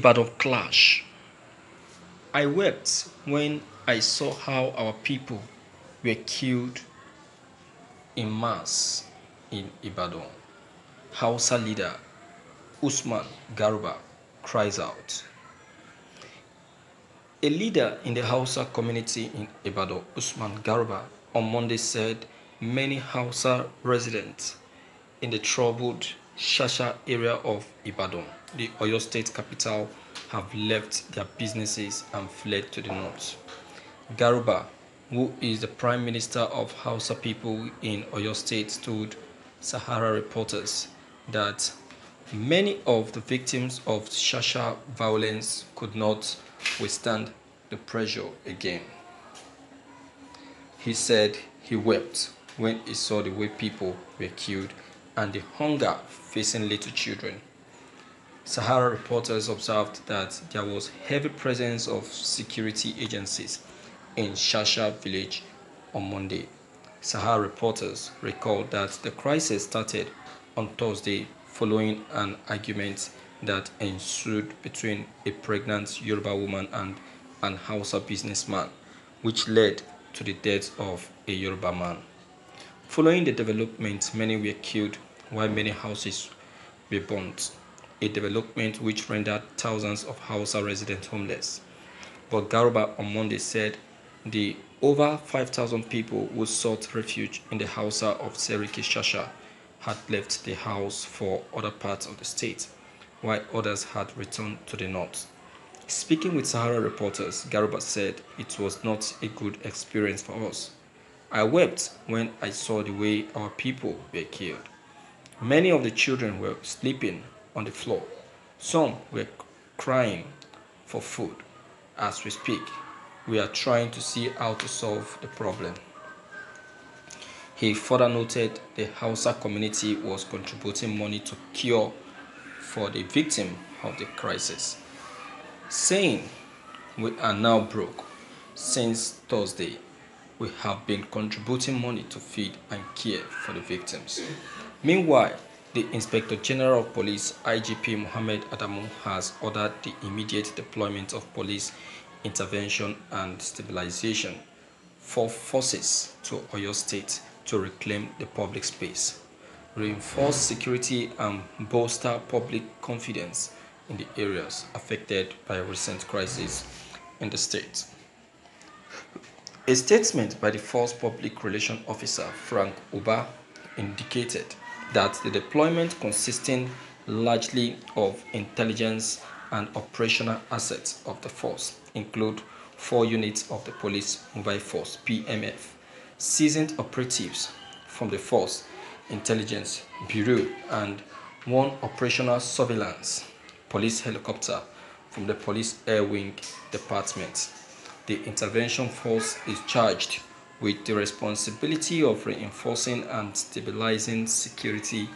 Ibadan clash. I wept when I saw how our people were killed in mass in Ibadan. Hausa leader Usman Garuba cries out. A leader in the Hausa community in Ibadan, Usman Garuba, on Monday said many Hausa residents in the troubled Shasha area of Ibadan the Oyo State capital have left their businesses and fled to the north. Garuba, who is the Prime Minister of Hausa people in Oyo State, told Sahara reporters that many of the victims of Shasha violence could not withstand the pressure again. He said he wept when he saw the way people were killed and the hunger facing little children Sahara reporters observed that there was heavy presence of security agencies in Shasha village on Monday. Sahara reporters recalled that the crisis started on Thursday following an argument that ensued between a pregnant Yoruba woman and an Hausa businessman, which led to the death of a Yoruba man. Following the development, many were killed while many houses were burnt a development which rendered thousands of Hausa residents homeless. But Garuba on Monday said the over 5,000 people who sought refuge in the Hausa of Seriki Shasha had left the house for other parts of the state, while others had returned to the north. Speaking with Sahara reporters, Garuba said it was not a good experience for us. I wept when I saw the way our people were killed. Many of the children were sleeping on the floor. Some were crying for food. As we speak, we are trying to see how to solve the problem. He further noted the Hausa community was contributing money to cure for the victim of the crisis, saying, We are now broke. Since Thursday, we have been contributing money to feed and care for the victims. Meanwhile, the Inspector General of Police IGP Mohammed Adamu has ordered the immediate deployment of police intervention and stabilization for forces to Oyo State to reclaim the public space, reinforce security and bolster public confidence in the areas affected by recent crises in the state. A statement by the force public relations officer Frank Uba indicated that the deployment consisting largely of intelligence and operational assets of the force include four units of the Police Mobile Force PMF, seasoned operatives from the force, intelligence bureau, and one operational surveillance police helicopter from the police air wing department. The intervention force is charged with the responsibility of reinforcing and stabilizing security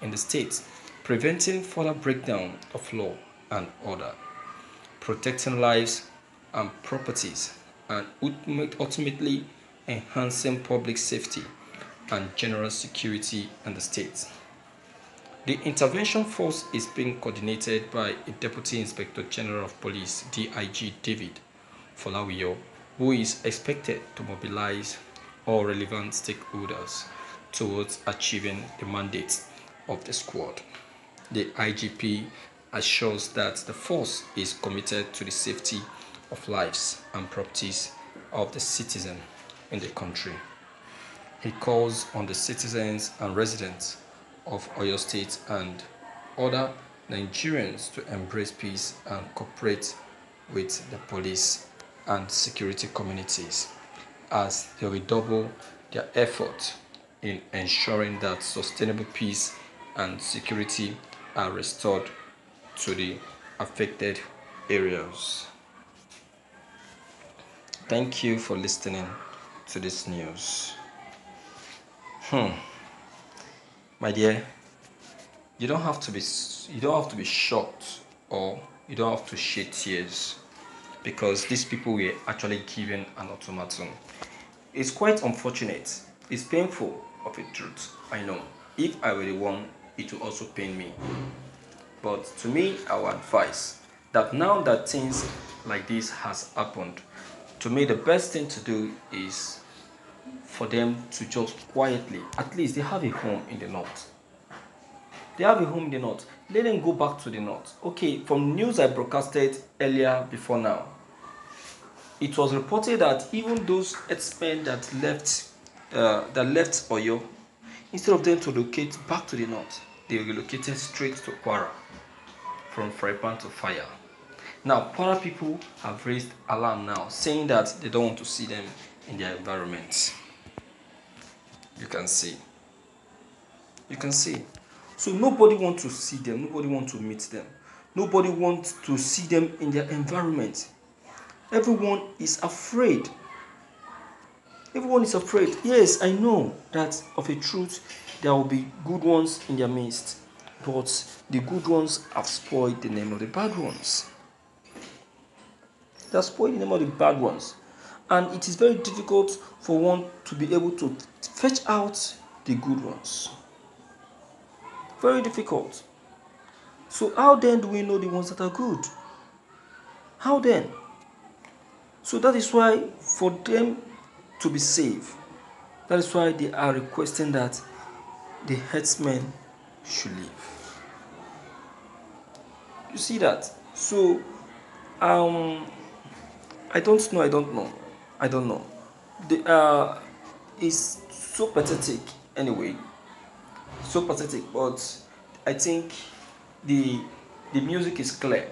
in the state, preventing further breakdown of law and order, protecting lives and properties, and ultimately enhancing public safety and general security in the state. The intervention force is being coordinated by Deputy Inspector General of Police, DIG David Folawiyo who is expected to mobilize all relevant stakeholders towards achieving the mandates of the squad. The IGP assures that the force is committed to the safety of lives and properties of the citizen in the country. He calls on the citizens and residents of Oyo State and other Nigerians to embrace peace and cooperate with the police and security communities as they redouble their efforts in ensuring that sustainable peace and security are restored to the affected areas. Thank you for listening to this news. Hmm. My dear, you don't have to be you don't have to be shocked or you don't have to shed tears because these people were actually given an automaton. It's quite unfortunate. It's painful of a truth. I know. If I were the one, it would also pain me. But to me, I would advise that now that things like this has happened, to me the best thing to do is for them to just quietly, at least they have a home in the north. They have a home in the north. Let them go back to the north. Okay, from news I broadcasted earlier before now, it was reported that even those herdsmen that left uh, that left Oyo, instead of them to relocate back to the north, they relocated straight to Quara from Frypan to Fire. Now, Quara people have raised alarm now, saying that they don't want to see them in their environment. You can see. You can see. So nobody wants to see them. Nobody wants to meet them. Nobody wants to see them in their environment. Everyone is afraid. Everyone is afraid. Yes, I know that of a truth there will be good ones in their midst, but the good ones have spoiled the name of the bad ones. They have spoiled the name of the bad ones. And it is very difficult for one to be able to fetch out the good ones. Very difficult. So, how then do we know the ones that are good? How then? So that is why for them to be saved, that is why they are requesting that the herdsmen should leave. You see that? So, um, I don't know, I don't know, I don't know. The, uh, it's so pathetic anyway, so pathetic, but I think the, the music is clear.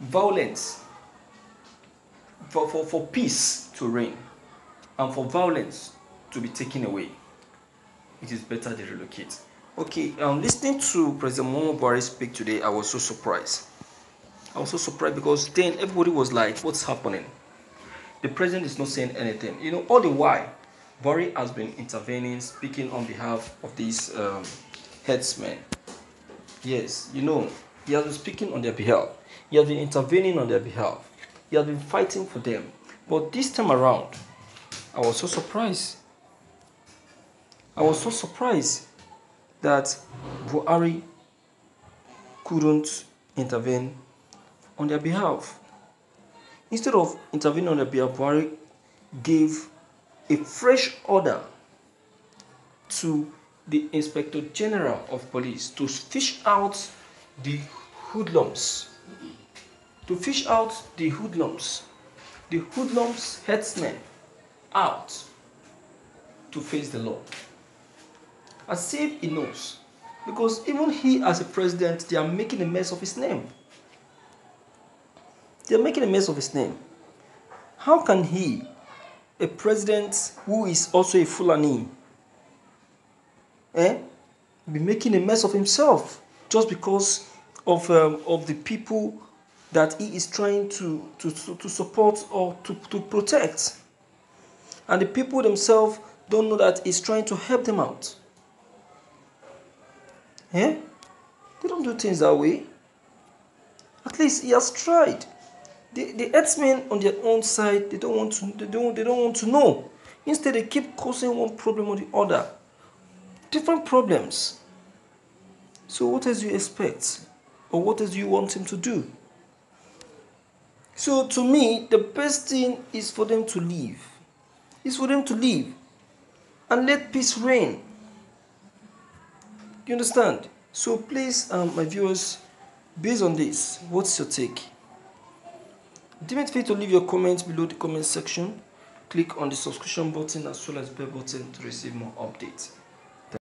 Violence for, for, for peace to reign and for violence to be taken away, it is better they relocate. Okay, um, listening to President Momo Buhari speak today, I was so surprised. I was so surprised because then everybody was like, what's happening? The president is not saying anything. You know, all the while, Buhari has been intervening, speaking on behalf of these um, headsmen. Yes, you know, he has been speaking on their behalf. He has been intervening on their behalf. He had been fighting for them. But this time around, I was so surprised. I was so surprised that Buhari couldn't intervene on their behalf. Instead of intervening on their behalf, Buhari gave a fresh order to the Inspector General of Police to fish out the hoodlums to fish out the hoodlums, the hoodlums' headsmen out to face the law. As if he knows, because even he, as a president, they are making a mess of his name. They are making a mess of his name. How can he, a president who is also a Fulani, eh, be making a mess of himself just because of, um, of the people that he is trying to, to, to support or to, to protect. And the people themselves don't know that he's trying to help them out. Yeah? They don't do things that way. At least he has tried. The, the earthmen on their own side, they don't want to they don't they don't want to know. Instead, they keep causing one problem or the other. Different problems. So what does you expect? Or what does you want him to do? So to me, the best thing is for them to leave. Is for them to leave and let peace reign. You understand? So please, um, my viewers, based on this, what's your take? Don't forget to leave your comments below the comment section. Click on the subscription button as well as bell button to receive more updates.